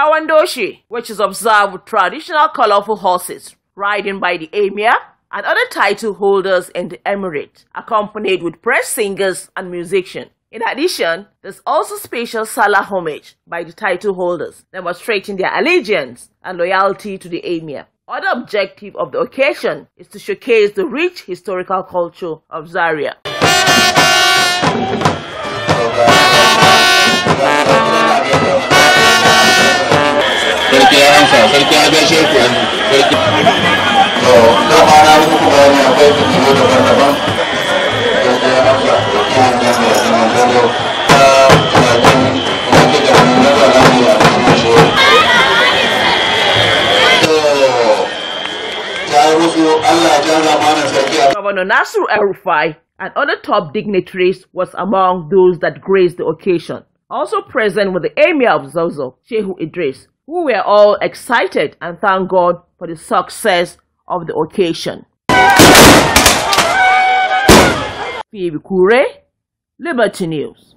Kawandoshi, which is observed with traditional colorful horses riding by the emir and other title holders in the emirate, accompanied with press singers and musicians. In addition, there's also special Salah homage by the title holders, demonstrating their allegiance and loyalty to the emir. Other objective of the occasion is to showcase the rich historical culture of Zaria. Governor Nasru Arufai and other top dignitaries was among those that graced the occasion. Also present with the Emir of Zozo, Shehu Idris, we were all excited and thank God for the success of the occasion. Phoebe Kure, Liberty News.